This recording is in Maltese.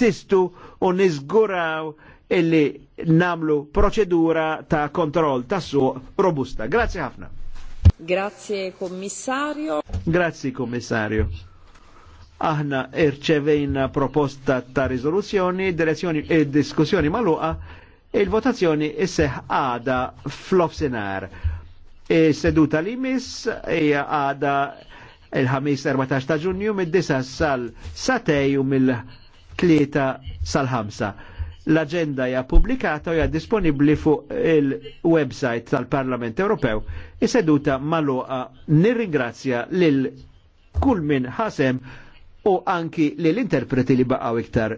jeżistu u nizguraw illi namlu proċedura ta' kontroll ta' suq robusta. Grazie ħafna. Grazie Commissario. Grazie Commissario. Aħna irċevejna proposta ta' rizoluzzjoni, direzzjoni e diskussjoni maluqa, il-votazzjoni isseħ għada fl offsenar E seduta li mis hija e għada il-ħamis 14 ta' ġunju mid disa sal-satej u mill tlieta sal-ħamsa. L-agenda hija pubblikata u hija disponibbli fuq il-website tal-Parlament Ewropew. Is-seduta maluqa nirringrazzja lil kull min ħasem u anki lil interpreti li baqgħu iktar